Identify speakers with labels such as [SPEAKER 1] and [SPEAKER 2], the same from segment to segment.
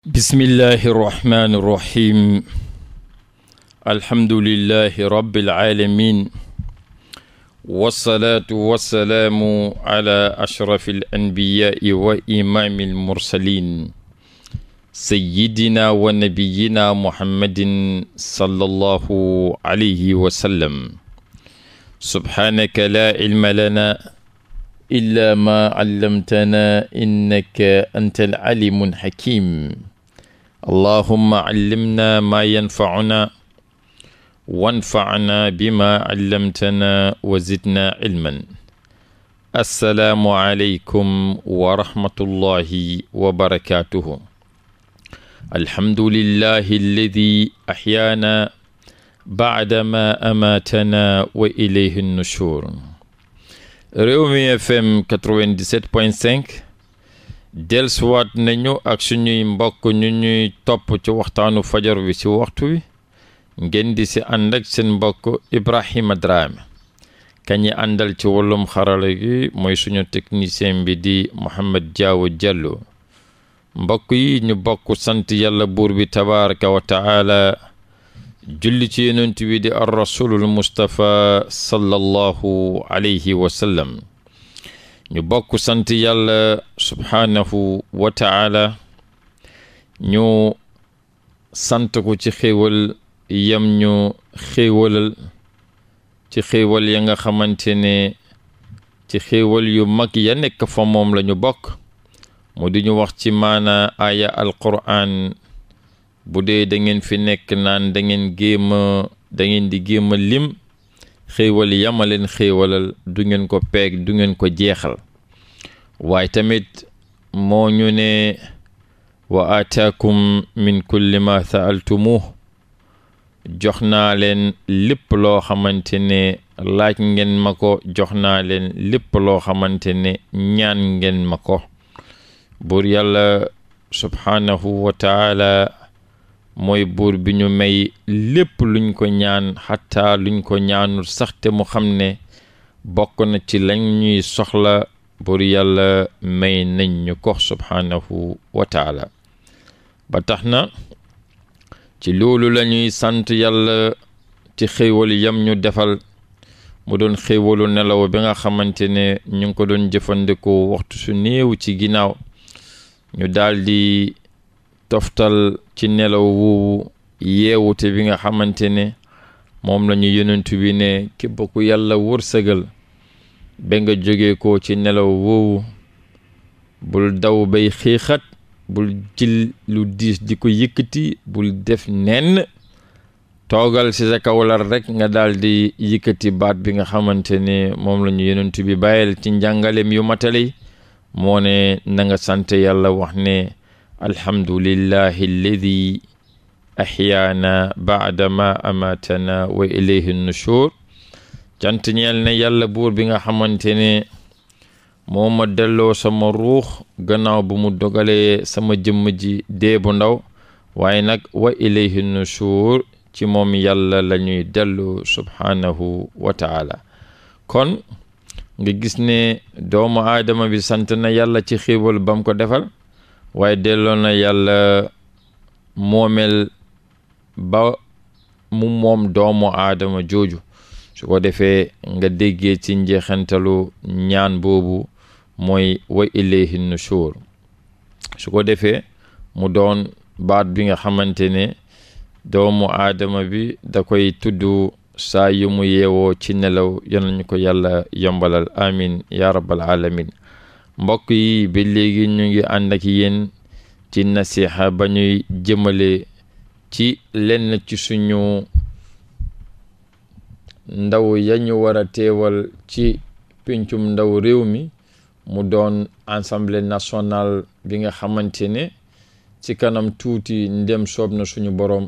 [SPEAKER 1] bismillahi irrahmani irrahim alhamdulilahi rabiilalamin walsalaatu walsalaamu ala ashrafi alanbiyaai wa imaami almursalin sayidina wa nabiyina muhammadin sala allahu alayhi wasallam subhaanaka laa ilma lana illa maa allamtana innaka anta alalimu alxakim allahumma callimna maa yanfacunaa wanfacnaa bimaa callamtanaa wa zidnaa cilman assalaamu aleykum wa rahmatullahi wa barakaatuhu alhamdulillahi alladi axyaanaa bacdamaa amaatanaa wa ilayhi nushuur Rewmi FM 97.5 delsuwaat nañu ak suñuy mbokk ñu ñuy topp ci waxtaanu fajar wi ci waxtu wi ngeen di ci ànd seen mbokk Ibrahima Drame kañi àndal ci wàllum xarala gi mooy suñu technicien bi di Mohamed Diaw Diallo mbokk yi ñu bokk sant yàlla buur bi tabaraka wa taala julli ci yonent wi di ar rasulul mustapha sallallahu alayhi wa ñu bokk sant yàlla subhaanahu wa taala ñu sant ko ci xéewal yam ñu xéewalal ci xéewal ya nga xamante ne ci xéewal yu mag ya nekk fa moom la ñu bokk mu di ñu wax ci maana aaya alquran bu dee dangeen fi nekk naan dangeen ngeen géema da ngeen di géema lim xéewal yamaleen xéewalal du ngeen ko peeg du ngeen ko jeexal waaye tamit moo ñu ne wa ataakum min kulli ma saaltumuh jox naa leen lépp loo xamante ne laaj ngeen mako ko jox naa leen lépp loo xamante ne ñaan ngeen ma ko buur subhaanahu wa mooy buur bi ñu may lépp luñ ko ñaan xataa luñ ko ñaanul saxte mu xam ne bokk na ci lañ ñuy soxla buur yàlla may nañ ñu ko subhaanahu wa ba tax na ci loolu lañuy sant yàlla ci xéewal yam ñu defal mu doon xéewalu nelaw bi nga xamante ne ñu ngi ko doon jëfandikoo waxtu su néew ci ginnaaw ñu daal toftal ci nelaw woowu yeewute bi nga xamante ne moom la ñu yonentu bi ne képp ku yàlla wërsëgal ba nga jógee ko ci nelaw woowu bul daw bay xiixat bul jël lu diis di ko yëkkati bul def nenn toogal ci sa kawlar rek nga daldi di baat bi nga xamante ne moom la ñu yonent bi bàyyil ci njàngaleem yu matali moo ne na nga sant yàlla wax ne alhamdulillahi alladi ahyaana baadama amatana wa ilayhi nushur cant ñeel na yàlla buur bi nga xamante ne moo ma delloo sama ruux gannaaw bu mu dogalee sama jëmm ji bu ndaw waaye nag wa ilayhi nushur ci moom yàlla lañuy ñuy dellu subhaanahu wa taala kon nga gis ne doomu aadama bi sant na yàlla ci xéewal bam ko defal waaye delloo na yàlla moomel ba mu moom doomu aadama jooju su ko defee nga déggee ci njeexantalu ñaan boobu mooy wa ilayhi nushur su ko defee mu doon baat bi nga xamante ne doomu aadama bi da koy tudd saa yu mu yeewoo ci nelaw yal ko yàlla yombalal amin ya rabbal alamin mbokk yi ba léegi ñu ngi ànd ak yéen ci nasiha ba ñuy jëmale ci lenn ci suñu ndaw yañu ñu war a teewal ci pencum ndaw réew mi mu doon assemblée nationale bi nga xamante ne ci kanam tuuti ndem soob na suñu boroom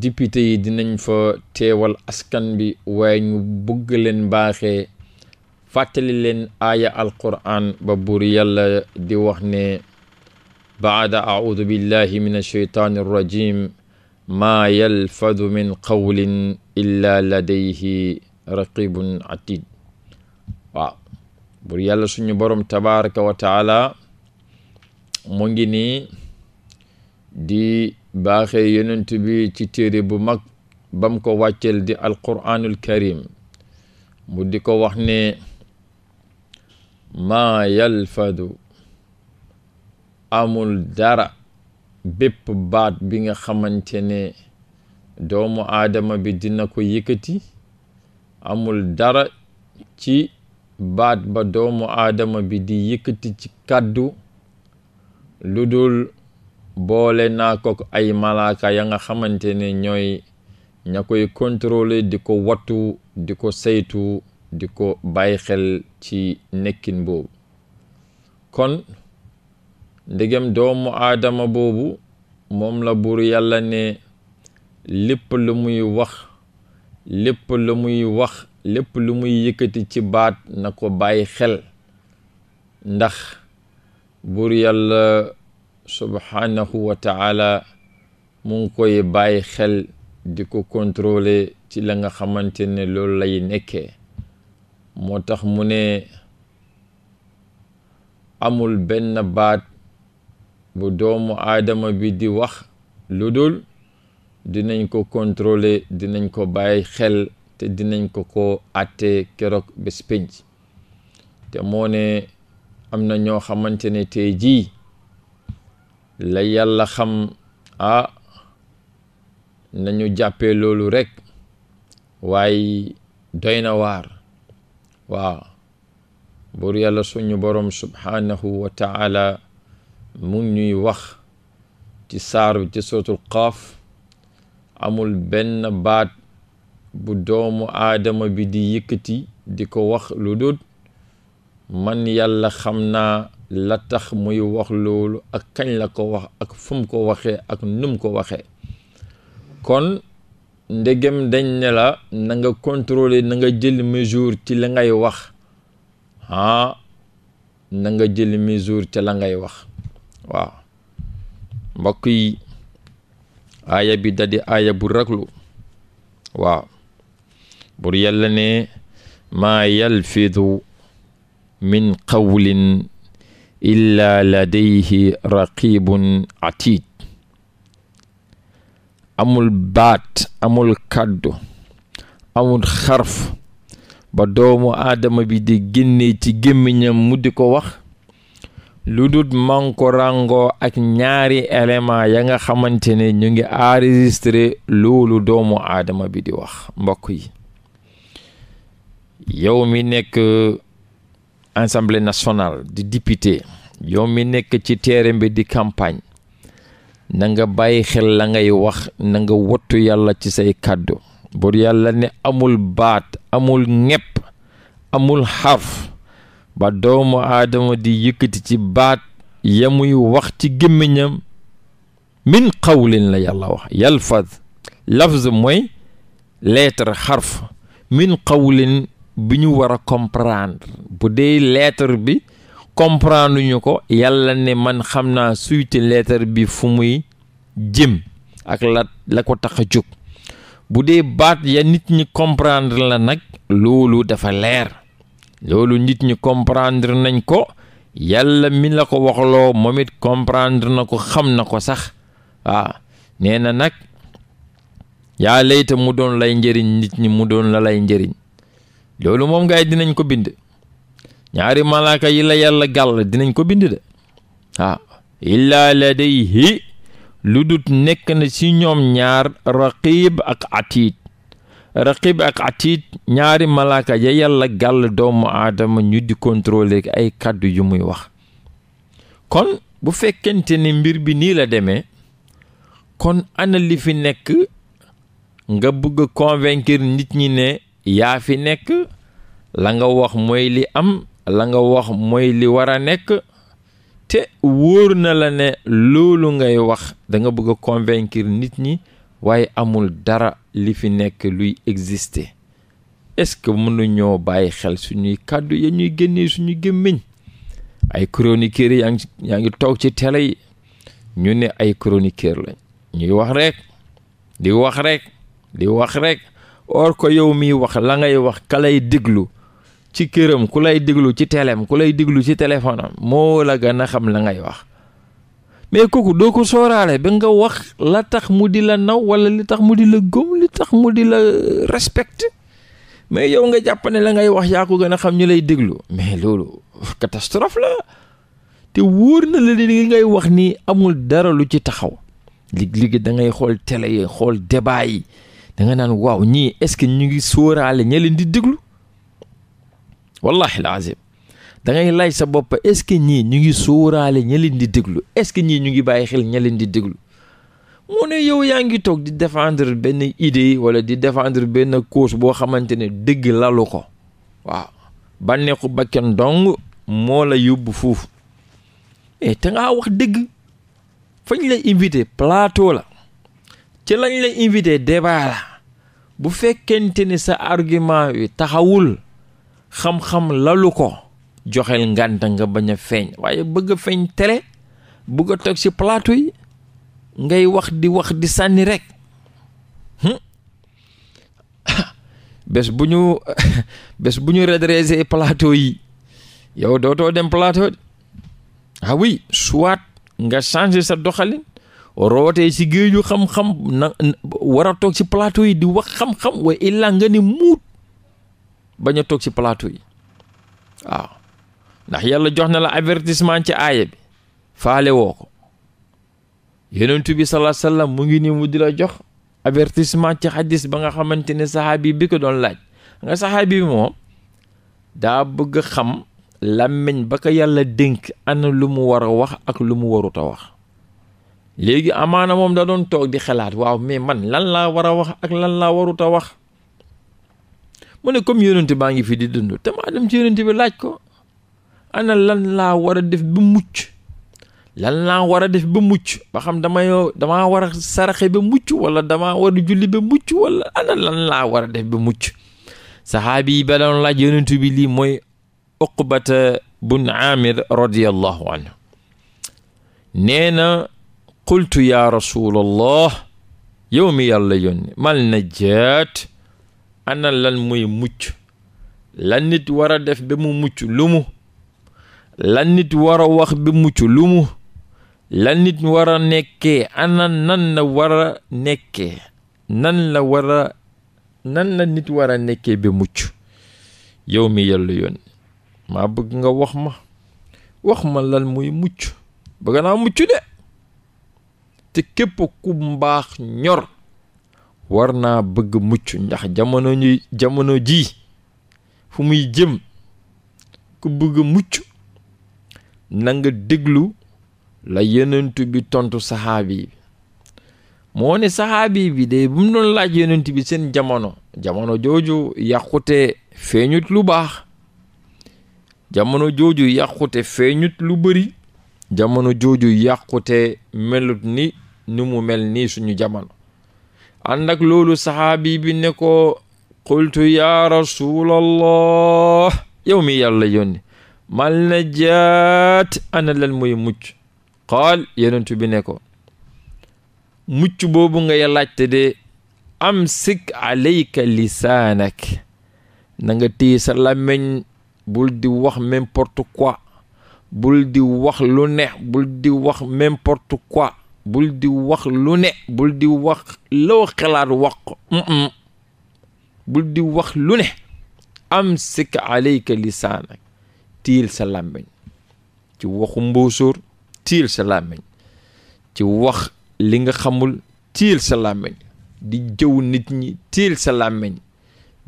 [SPEAKER 1] dipite yi dinañ fa teewal askan bi waaye ñu bëgg leen baaxe fàttali leen aaya alquran ba buur yàlla di wax ne baada audu billahi min alsheytaani arrajim maa yalfadu min qawlin illa ladayhi raqibun atid waaw buur yàlla suñu borom tabaraka wa taala mu ngi nii di baaxee yonent bi ci téere bu mag bam ko wàccel di alquraanul karim mu di ko wax maa fadu amul dara bépp baat bi nga xamante ne doomu aadama bi dina ko yëkkati amul dara ci baat ba doomu aadama bi di yëkkati ci kàddu ludul dul boole naa ko ay malaaka ya nga xamante ne ñooy ña koy contrôler di ko wattu di ko saytu di ko bàyyi xel ci nekkin boobu kon ndegem doomu aadama boobu moom la buur yàlla ne lépp lu muy wax lépp lu muy wax lépp lu muy yëkkati ci baat na ko bàyyi xel ndax buur yàlla subhaanahu wa taala mu ngi koy bàyyi xel di ko contrôler ci la nga xamante ne loolu lay nekkee moo tax mu ne amul benn baat bu doomu aadama bi di wax lu dul dinañ ko contrôler dinañ ko bàyyi xel te dinañ ko ko àtte keroog bés pénc te moo ne am na ñoo xamante ne tey jii la yàlla xam ah nañu jàppee loolu rekk waaye doy na waar waaw buur yàlla suñu boroom subhaanahu wa taala mu ñuy wax ci saar bi ci suratul qaaf amul benn baat bu doomu aadama bi di yëkkati di ko wax lu dut man yàlla xam naa la tax muy wax loolu ak kañ la ko wax ak fum ko waxee ak num ko waxee kon ndegem dañ ne la na nga contrôler na nga jël mesure ci la ngay wax ah na nga jël mesure ci la ngay wax waaw mbokk yi aaya bi da di aaya bu raglu waaw yàlla ne maa yalfidu min qawlin illa ladayhi raqibun atid amul baat amul kàddu amul xarf ba doomu aadama bi di génnee ci gémmiñam mu di ko wax lu dut manko ràngoo ak ñaari élément ya nga xamante ne ñu ngi enregistré loolu doomu aadama bi di wax mbokk yi yow mi nekk assemblée nationale di député yow mi nekk ci terrain bi di campagne na nga bàyyi xel la ngay wax nanga wottu yàlla ci say kàddu buur yàlla ne amul baat amul ñepp amul xarf ba doomu aadama di yëkkati ci baat ya muy wax ci gémmiñam min qawlin la yàlla wax yalfaz lafz mooy lettre xarf min qawlin bi ñu war a comprendre bu dee lettre bi comprendre ñu ko yàlla ne man xam naa suyte leetar bi fu muy jëm ak la la ko tax a jóg bu dee baat ya nit ñi comprendre la nag loolu dafa leer loolu nit ñi comprendre nañ ko yàlla mi la ko waxloo moom it comprendre na ko xam na ko sax waaw nee na nag yaa layta mu doon lay njëriñ nit ñi mu doon la lay njariñ loolu moom gaay dinañ ko bind ñaari malaaka yi la yàlla gàll dinañ ko bind de waaw illaa ladayhi lu dut nekk na ci ñoom ñaar raqib ak atiid raqib ak atiid ñaari malaaka ya yàlla gàll doomu aadama ñu di contrôler ay kàddu yu muy wax kon bu fekkente ni mbir bi nii la demee kon ana li fi nekk nga bëgg convaincre nit ñi ne yaa fi nekk la nga wax mooy li am la nga wax mooy li war a nekk te wóor na la ne loolu ngay wax danga bëgg a nit ñi waaye amul dara li fi nekk luy exister est-ce que mënuñoo bàyyi xel suñuy kàddu ya ñuy génnee suñu gémmiñ ay chroniqueur yaa ngi toog ci télé yi ñu ne ay chroniqueur lañ ñuy wax rekk di wax rekk di wax rek or ko yow miy wax la ngay wax kalay lay déglu ci këram ku lay déglu ci teleem ku lay déglu ci téléphone am moo la gën a xam la ngay wax mais kooku doo ko sooraale ba nga wax la tax mu di la naw wala li tax mu di la gëm li tax mu di la respecte mais yow nga jàpp ne la ngay wax yaa ko gën a xam ñu lay déglu mais loolu catastrophe la te wóor na la li ngay wax nii amul dara lu ci taxaw léegi da ngay xool télé yi xool débat yi da nga naan waaw ñii est ñu ngi sóoraale ña leen di déglu wallahi laazim da ngay lay sa bopp est-ce que ñii ñu ngi sóoraale ña leen di déglu est-ce que ñii ñu ngi bàyyi xel ña leen di déglu mu ne yow yaa ngi toog di défendre benn idée wala di défendre benn cause boo xamante ne dëgg lalu ko waaw bànneexu bakken dong moo la yóbbu foofu mais eh, te ngaa wax dëgg fañ la invité plateau la ci lañ la invité débat bu fekkente ne sa argument wi taxawul xam-xam lalu ko joxel ngànt nga bañ a feeñ waaye bëgg a feeñ télé bëgg a toog ci plateau yi ngay wax di wax di sànni rek bés bu ñu bés bu ñu redressé plateau yi yow dootoo dem plateau ah oui soit nga changer sa doxalin rootee ci géeju xam-xam na war a toog ci plateau yi di wax xam-xam waaye illaa nga ni muut bañ a toog ci palaatu yi waaw ndax yàlla jox na la avertissement ci aaya bi faale woo ko yonentu bi salaa sallam mu ngi nii mu di la jox avertisement ci xadis ba nga xamante ne saxaabi bi ko doon laaj nga saxaabi bi moom daa bëgg xam làmmiñ ba ko yàlla dénk ana lu mu war a wax lu mu warut wax léegi amaana moom da doon toog di xalaat waaw mais man lan laa war a wax ak lan laa waruta wax mu ne comme yonent baa ngi fi di dund te maa dem ci yonent bi laaj ko ana lan laa war a def ba mucc lan laa war a def ba mucc ba xam dama yow damaa war a saraxe ba mucc wala damaa war laa war a def ba mucc saxaabi yi baloon laaj yonent bi lii mooy uqbata bun amir radiallahu anhu nee na qultu ya rasulallah yow mi yàlla yónni mal najaat ana lan muy mucc lan nit war a def ba mu mucc lu mu lan nit war wax ba mucc lu mu lan nit war a nekkee ana nan la war nekkee nan la war nan la nit war a nekkee bi mucc yow mi yàlla yoon maa bëgg nga wax ma wax ma lan muy mucc bëgg naa mucc de te képp ku mbaax ñor war naa bëgg mucc ndax jamono ñuy jamono ji fu muy jëm ku bëgg mucc nanga nga déglu la yenentu bi tontu saxaabi bi moo ne saxaabi bi de bu mu doon laaj yenentu bi seen jamono jamono jooju yàqute feeñut lu baax jamono jooju yàqute feeñut lu bari jamono jooju yàqute melut ni ni mu mel nii suñu jamono ànd loolu saxaabi bi ne ko qultu ya rasulallah yow mi yàlla yónni mal najaat ana lan mooy mucc qaal yonent bi ne ko mucc boobu nga laajte de sik alayka lisaanak na nga téye sa làmmiñ bul di wax n'importe bul di wax lu neex bul di wax n'importe bul di wax lu ne bul di wax loo xalaat wax lu ne am sik alayka lisaanak tiil sa làmmiñ ci waxu mbóosóor tiil sa làmmiñ ci wax li nga xamul tiil sa làmmiñ di jëw nit ñi tiil sa làmmiñ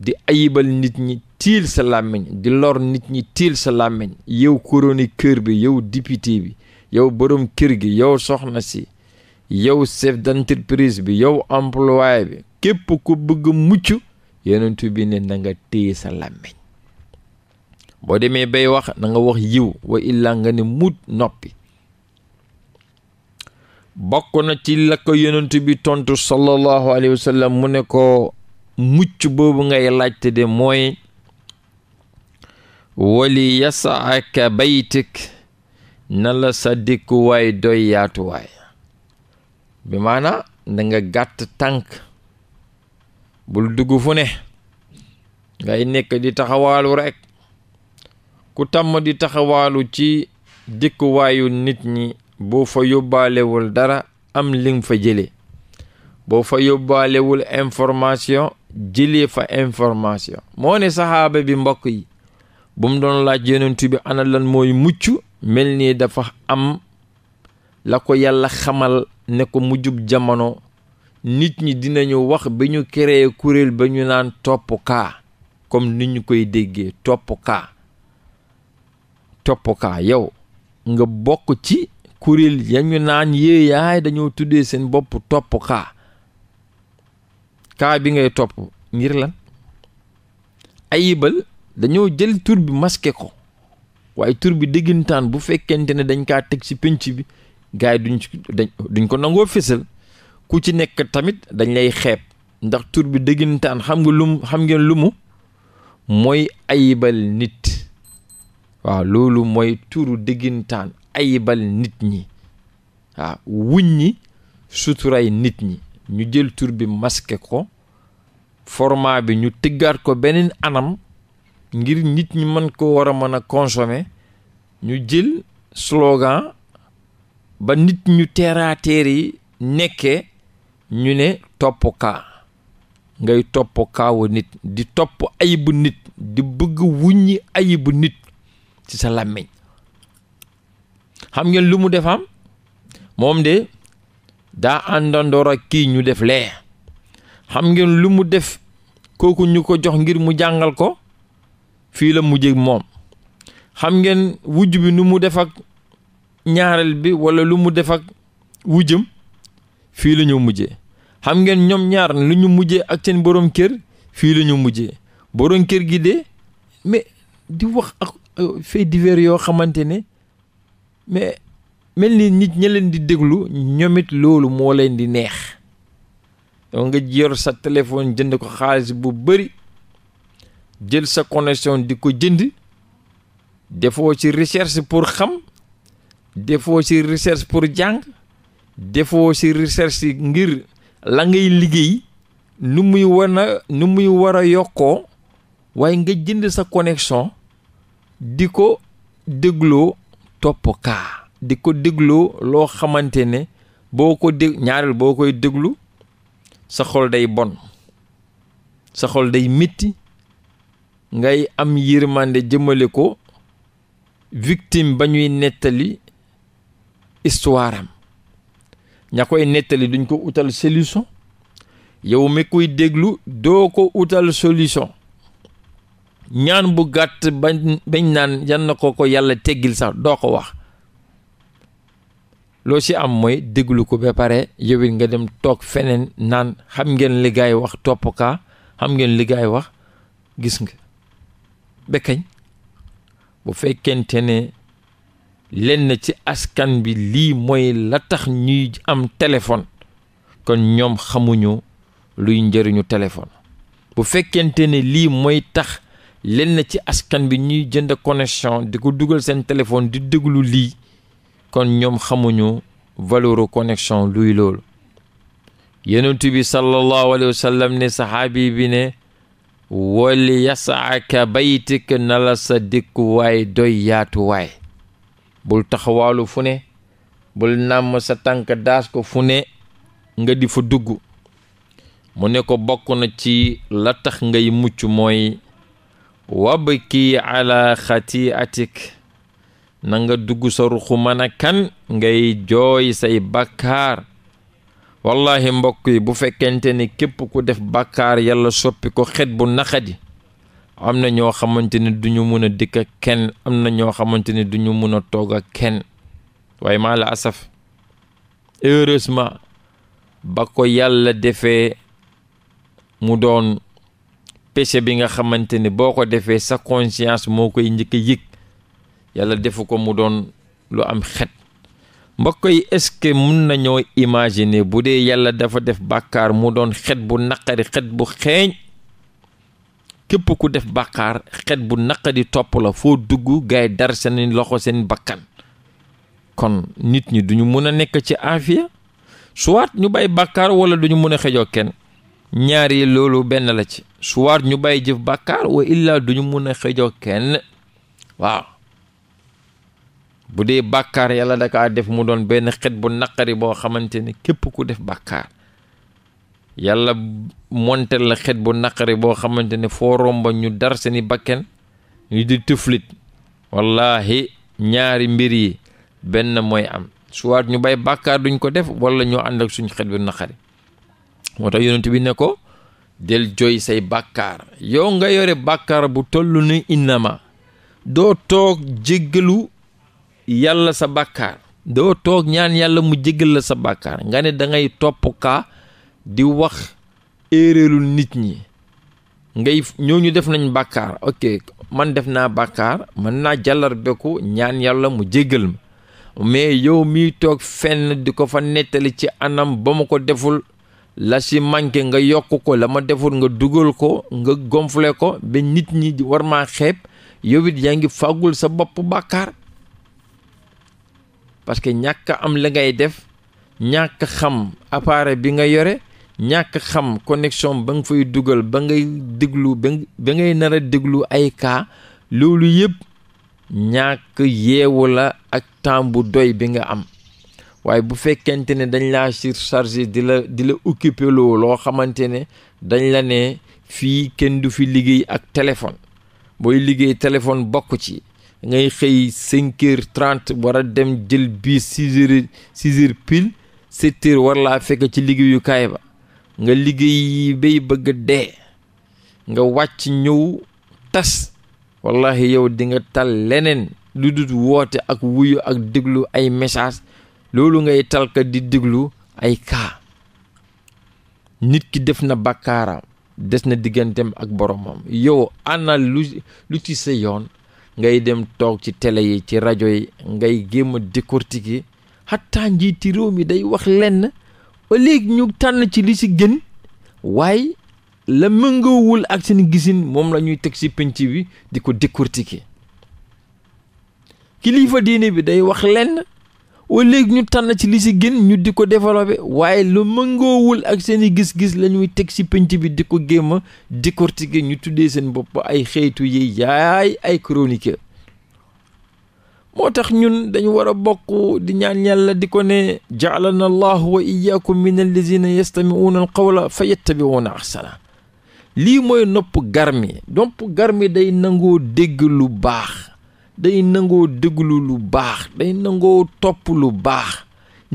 [SPEAKER 1] di ayibal nit ñi tiil sa làmmiñ di lor nit ñi tiil sa làmmiñ yow kër bi yow député bi yow boroom kër gi yow soxna si yow chef d'entreprise bi yow employé bi képp ku bëgg mucc yonent bi ne na nga téye sa làmmiñ boo demee bay wax na wax yiw wa illaa nga ne mut noppi bokk na ci la ko yonent bi tontu sallallahu alayhi wa mu ne ko mucc boobu ngay laajte de mooy wali yasaaka baytik na la sa dëkkuwaay doy yaatuwaay bi maana da gàtt tànk bul dugg fu ne ngay nekk di taxawaalu rekk ku tàmm di taxawaalu ci dikkuwaayu nit ñi boo fa yóbbaalewul dara am ling fa jëlee boo fa yóbbaalewul information jëlee fa information moo ne bi mbokk yi bu doon laaj yonent bi ana lan mooy mucc mel nii dafa am la ko yàlla xamal ne ko mujjub jamono nit ñi dinañu wax bi ñu créé kuréel ba ñu naan topp kaa comme ni ñu koy déggee topp kaa topp kaa yow nga bokk ci kuréel ya ñu naan yee yaay dañoo tuddee seen bopp topp kaa kaa bi ngay topp ngir lan ayibal dañoo jël tur bi masqué ko waaye tur bi déggantaan bu fekkente ne dañ kaa teg ci pénc bi gars yi duñ duñ ko nangoo fésal ku ci nekk tamit dañ lay xeeb ndax tuur bi dëggintaan xam nga lum xam ngeen lumu mooy ayibal nit waaw loolu mooy turu dëggintaan ayibal nit ñi waaw ñi suturay nit ñi ñu jël tur bi maske ko format bi ñu tëggaat ko beneen anam ngir nit ñi mën ko war a mën a consommer ñu jël slogan ba nit ñu teeraateer yi nekkee ñu ne topp kaa ngay topp kaawu nit di topp ayibu nit di bëgg wuññi ayibu nit ci sa làmmiñ xam ngeen lu mu defam moom de daa àndandoor ak kii ñu def lee xam ngeen lu mu def kooku ñu ko jox ngir mu jàngal ko fii la mujjee moom xam ngeen wujj bi nu mu defak ñaareel bi wala lu mu def ak wujjam fii la ñu mujjee xam ngeen ñoom ñaar lu ñu mujje ak seen boroom kër fii lañu mujje boroom kër gi de mais di wax ak euh, fait divers yoo xamante ne mais mel ni nit ña leen di déglu ñoom it loolu moo leen di neex yow nga yor sa téléphone jënd ko xaalis bu bari jël sa connexion di ko jënd defoo ci recherche pour xam defoo ci recherche pour jàng defoo ci recherche ngir la ngay liggéey nu muy war a muy war a yokkoo waaye nga jënd sa connexion di ko dégloo topp kaa di ko dégloo loo xamante ne boo ko dég boo koy déglu sa xol day bon sa xol day metti ngay am yërmande jëmale ko victim ba ñuy nettali histoire ña koy nettali duñ ko utal solution yow mi koy déglu doo ko utal solution ñaan bu gàtt bañ naan yan na ko ko yàlla teggil sax doo ko wax loo ci am mooy déglu ko ba pare yow it nga dem toog feneen naan xam ngeen li wax topp kaa xam ngeen li wax gis nga bekkañ bu fekkente ne lenn ci askan bi lii mooy la tax ñuy am téléphone kon ñoom xamuñu luy njëriñu téléphone bu fekkente ni lii mooy tax lenn ci askan bi ñuy jënd connexion di ko dugal seen téléphone di déglu lii kon ñoom xamuñu valeuru connexion luy loolu yonent bi sallallahu alayhi wa sallam ne saxaabi bi ne wali yasaaka baytik na la sa dëkkuwaay doy yaatuwaay bul taxawaalu fu ne bul nàmm sa tànk daas ko fu ne nga di fu dugg mu ne ko bokk na ci la tax ngay mucc mooy wabki ala xatiatik na nga dugg sa ruxu a kan ngay jooy say bàkkaar wallahi mbokk yi bu fekkente ni képp ku def bàkkaar yàlla soppi ko xet bu naqadi am na ñoo xamante ne duñu mën a dëkk kenn am na ñoo xamante ne duñu ñu mun a toog ak kenn waaye maa la asaf heureusement ba ko yàlla defee mu doon péché bi nga xamante ne boo ko defee sa conscience moo koy njëkk a yëg yàlla defu ko mu doon lu am xet mbokk yi est-ce que mun nañoo imaginer bu dee yàlla dafa def bàkkaar mu doon xet bu naqari xet bu xeeñ képp ku def bàkkaar xet bu naqadi topp la foo dugg gaay dar seen loxo seen bakkan kon nit ñi duñu mën a nekk ci aafiya soit ñu bàyyi bàkkaar wala duñu mën a xejoo kenn ñaar loolu benn la ci soit ñu bàyyi jëf bàkkaar wa illaa duñu mën a xejoo kenn waaw bu dee bàkkaar yàlla daka def mu doon benn xet bu naqari boo xamante ni képp ku def bàkkaar yàlla montel la xet bu naqari boo xamante ne foo romba ñu dar seeni bakken ñu di tuflit wallahi ñaari mbir yi benn mooy am soit ñu bay bàkkaar duñ ko def walla ñoo ànd ak suñ xet bu naqari moo tax yonent bi ne ko del jooy say bàkkaar yow nga yore bàkkaar bu toll ni innama doo toog jéggalu yàlla sa bàkkaar doo toog ñaan yàlla mu jéggal la sa bàkkaar nga ne da topp kaa di wax erreeru nit ñi ngay ñooñu def nañ bàkkaar ok man def naa bàkkaar mën naa jàllar beku ñaan yàlla mu jéggal ma mais yow miy toog fenn di ko fa nettali ci anam ba mu ko deful la si manqué nga yokk ko la ma deful nga dugal ko nga gonfle ko ba nit ñi war maa xeeb yow it yaa ngi fàggul sa bopp bàkkaar parce que ñàkk am la ngay def ñàkk xam appareil bi nga yore ñàkk xam connexion ba nga fay dugal ba ngay déglu ba ngay nar a déglu ay kaa loolu yëpp ñàkk yeewu la ak temps bu doy bi nga am waaye bu fekkente ne dañ laa surchargé di la di la occupé loo loo xamante ne dañ la ne fii kenn du fi liggéey ak téléphone booy liggéey téléphone bokk ci ngay xëy cinq heures trente dem jël bii six heures six heures pile sept heures war laa fekk ci liggéeyukaay ba nga liggéey bay bëgg dee nga wàcc ñëw tas wallahi yow dinga tal leneen lu dut woote ak wuyu ak déglu ay message loolu ngay talka di déglu ay kaa nit ki def na bàkkaaram des na digganteem ak boromam yow ana lu ci sa yoon ngay dem toog ci tele yi ci rajo yi ngay gémm a décortiquer xataa njiiti réew mi day wax lenn ba ñu tànn ci li ci gën waaye la mëngoowul ak seen gisin moom la ñuy teg ci pénc bi di ko décortiquer kilifa diine bi day wax lenn ba léegi ñu tànn ci li ci gën ñu di ko développer waaye la mëngoowul ak seeni gis-gis la teg ci pénc bi di ko géem a décortiquer ñu tuddee seen bopp ay xeetu yi yaay ay chroniqueur moo tax ñun dañu war a bokk di ñaan yàlla di ko ne jaalana allahu wa iyaakum min allazina yastamiuuna alqawla fa yattabiuuna ahsana lii mooy nopp garmi nopp garmi day nangoo dégg lu baax day nangoo dégglu lu baax day nangoo topp lu baax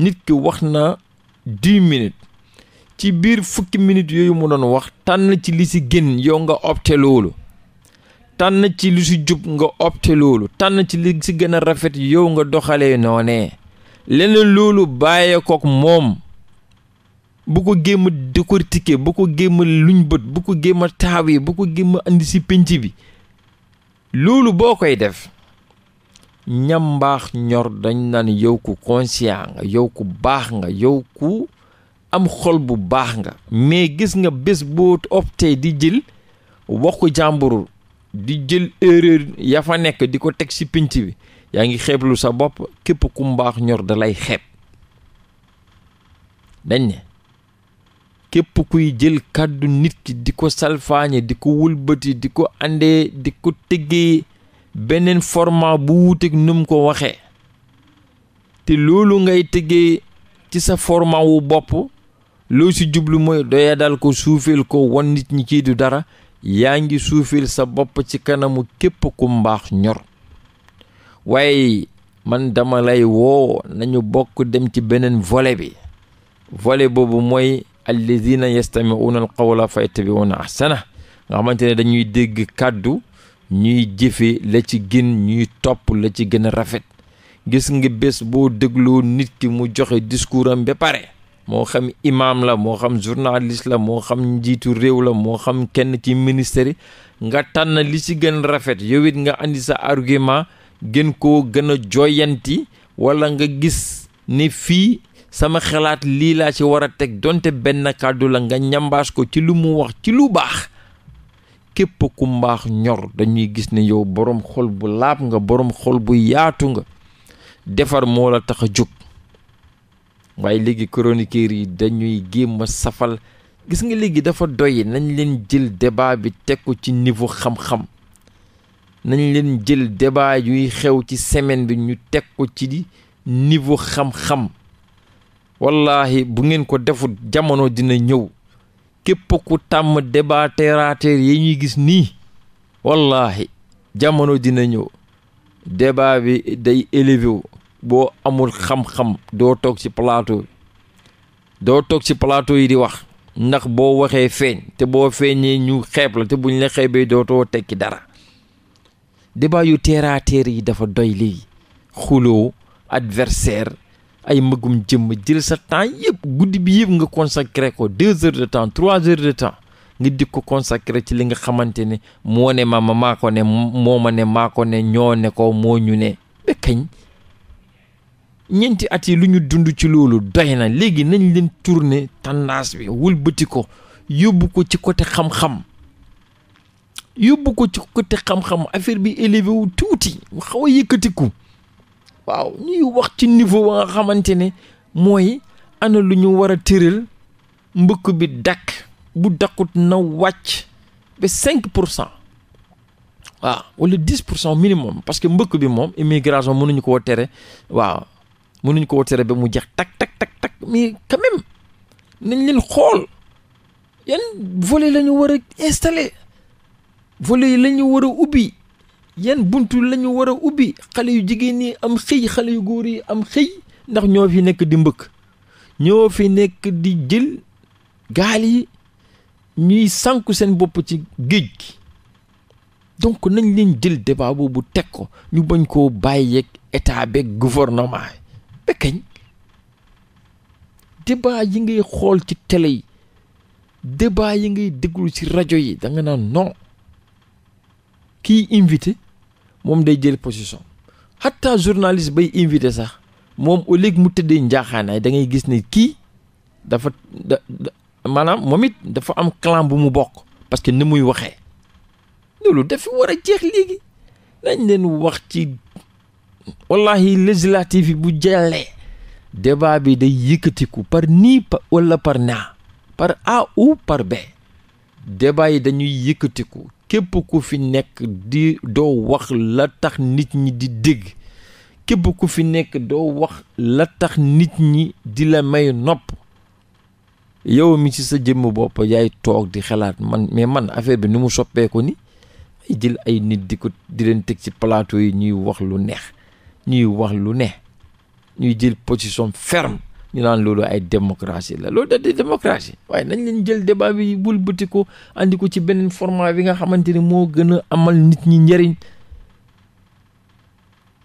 [SPEAKER 1] nit ki wax na dix minutes ci biir fukki minutes yooyu mu doon wax tànn ci li si gën yow nga opte loolu tànn ci lu si jub nga opte loolu tànn ci li si gën a rafet yow nga doxalee noonee leneen loolu bàyyee kook moom bu ko gémm a décortiquer bu ko gémm a bu ko gémm a bu ko gémm indi si pinc bi loolu boo koy def ñam mbaax ñor dañ nan yow ku conscient nga yow ku baax nga yow ku am xol bu baax nga mais gis nga bés boo optee di jël waxu jàmbur di jël erreur ya fa nekk di ko teg ci pinc bi yaa ngi xeeblu sa bopp képp ku mbaax ñor dalay lay dañ ne képp kuy jël kàddu nit ki di ko salfaañe di ko wëlbati di ko àndee di ko tëggee beneen format bu wuuteeg nu mu ko waxee te loolu ngay tëggee ci sa format wu bopp loo ci jublu mooy doya dal ko suufeel ko wan nit ñi kii du dara yaa ngi suufil sa bopp ci kanamu képp ku mbaax ñor waaye man dama lay woo nañu bokk dem ci beneen vole bi vole boobu mooy alladina yastamiuuna al qawla fa yattabiuuna ahsana nga xamante ne dañuy dégg kàddu ñuy jëfe la ci gën ñuy topp la ci gën a rafet gis ngi bés boo dégloo nit ki mu joxe discours ba pare moo xam imaam la moo xam journaliste la moo xam njiitu réew la moo xam kenn ci ministère yi nga tànn li ci gën rafet yow it nga indi sa argument gën koo gën a jooyanti walla nga gis ni fii sama xalaat lii laa ci war a teg donte benn kàddu la nga ñambaas ko ci lu mu wax ci lu baax képp ku mbaax ñor dañuy gis ni yow boroom xol bu laab nga boroom xol bu yaatu nga defar moo la tax a jóg waaye léegi chroniqueur yi dañuy géem safal gis nga léegi dafa doy nañ leen jël débat bi teg ko ci niveau xam-xam nañ leen jël débat yuy xew ci semaine bi ñu teg ko ci niveau xam-xam wallahi bu ngeen ko defu jamono dina ñëw képp ku tàmm débatterateur yi ñuy gis nii wallahi jamono dina ñëw débat bi day élevé wu boo amul xam-xam doo toog ci plateau doo toog ci plateau yi di wax ndax boo waxee feeñ te boo feeñee ñu xeeb la te buñ la xeebee dootoo tekki dara débat yu teeraa teer yi dafa doy léegi xuloo adversaire ay mëgum jëmm jël sa temps yëpp guddi bi yëpp nga consacré ko deux heures de temps trois heures temps nga di ko consacré ci li nga xamante ne moo ne ma maa ko ne moo ma ne maa ko ne ñoo ne ko moo ñu ne ba ñeenti at yi lu ñu dund ci loolu doy na léegi nañu leen tourner tendance bi wulbati ko yóbbu ko ci côté xam-xam yóbbu ko ci côté xam-xam affaire bi élevé wu tuuti xaw a yëkkatiku waaw ñuy wax ci niveau ba xamante ne mooy ana lu ñu war a tëral mbëkk bi dakk bu dakkut na wàcc ba cinq pour cent waaw wala dix pour cent minimum parce que mbëkk bi moom immigration mënuñu koo tere waaw mënuñ ko wotere ba mu jeex tak tak tak tak mais quand nañ leen xool yan vole lañu ñu war a installé vole yi lañu ñu war a ubbi yan buntu lañu ñu war a ubbi xale yu jigéen ñi am xëy xale yu góor yi am xëy ndax ñoo fi nekk di mbëkk ñoo fi nekk di jël gaal yi ñuy sànku seen bopp ci géej gi donc nañ leen jël débat bu teg ko ñu bañ koo bàyyeeg état beeg gouvernement ba kañ débat yi ngay xool ci tele yi débat yi ngay déglu ci rajo yi da nga naan non kiy invité moom day jël position hatta journaliste bay invité sax moom au lieu mu tëddee njaaxaanaay da ngay gis ne kii dafa da maanaam moom it dafa am clan bu mu bokk parce que ni muy waxee loolu dafa war a jeex léegi nañ leen wax ci wallahi législative yi bu jàllee débat bi day yëkkatiku par nii wala par naa par A ou par B débat yi dañuy yëkkatiku képp ku fi nekk di doo wax la tax nit ñi di dégg képp ku fi nekk doo wax la tax nit ñi di la may nopp yow mi ci sa jëmm bopp yaay toog di xalaat man mais man affaire bi ni mu soppeeku ni ay jël ay nit di ko di leen teg ci plateau yi ñuy wax lu neex ñuy wax lu ne ñuy jël position ferme ñu naan loolu ay démocratie la loolu da di démocratie waaye nañ leen jël débat bi bul bëti ko andi ko ci beneen format bi nga xamante ni moo gën a amal nit ñi njëriñ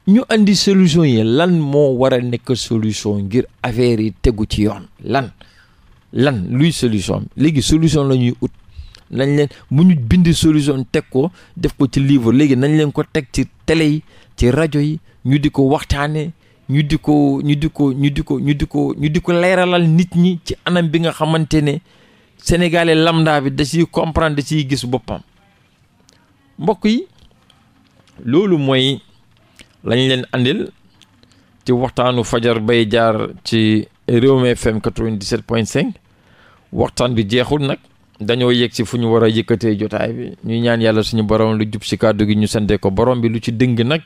[SPEAKER 1] ñu indi solution yi lan moo war a nekk solution ngir affaire yi tegu ci yoon lan lan luy solution léegi solution la ut nañ leen bu ñu bind solution teg ko def ko ci livre léegi nañ leen ko teg ci tele yi ci rajo yi ñu di ko waxtaanee ñu di ko ñu di ko ñu di ko ñu di ko ñu di ko leeralal nit ñi ci anam bi nga xamante ne sénégalais lambda bi da ciy comprendre da gis boppam mbokk yi loolu mooy lañ leen andil ci waxtaanu fajar bay jaar ci Rewmi FM 97.5 waxtaan bi jeexul nag. dañoo yegg si fu ñu war a yëkkatee jotaay bi ñuy ñaan yàlla suñu borom lu jub si kàddu gi ñu sante ko borom bi lu ci dëng nag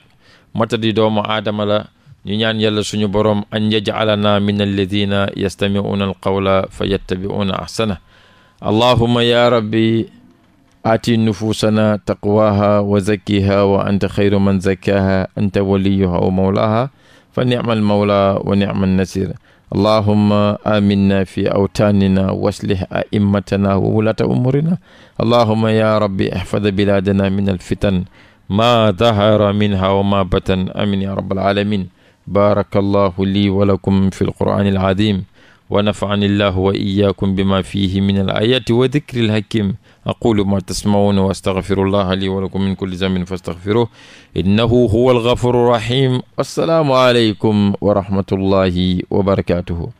[SPEAKER 1] matadi doomu aadama la ñu ñaan yàlla suñu borom an yaj'alana min alladina yastami'una alqawla fa yattabi'una ahsana allahumma ya rabbi aati nufusana taqwaha wa zakkiha wa anta xayru man zakkaha anta waliyuha wa mawlaha fa ni'mal mawla wa ni'man nasir allahuma aminna fi awtaanina waslih aimmatana wa wulata umurina allahuma ya rabbi ihfad biladana min alfitan ma dahara minha wa ma batan amin ya rabbal alamin baraka allahu lii wa lakum fi alqur'ani alazim wa nafa'ani allahu wa iyyakum bima fihi min alayati wa dhikri alhakim aquulu ma tasmaun wa astaghfirullaha li wa lakum min kulli zambin fastaghfiruh innahu huwa alghafuru rahim assalaamu aleykum wa rahmatullahi wa barakatuhu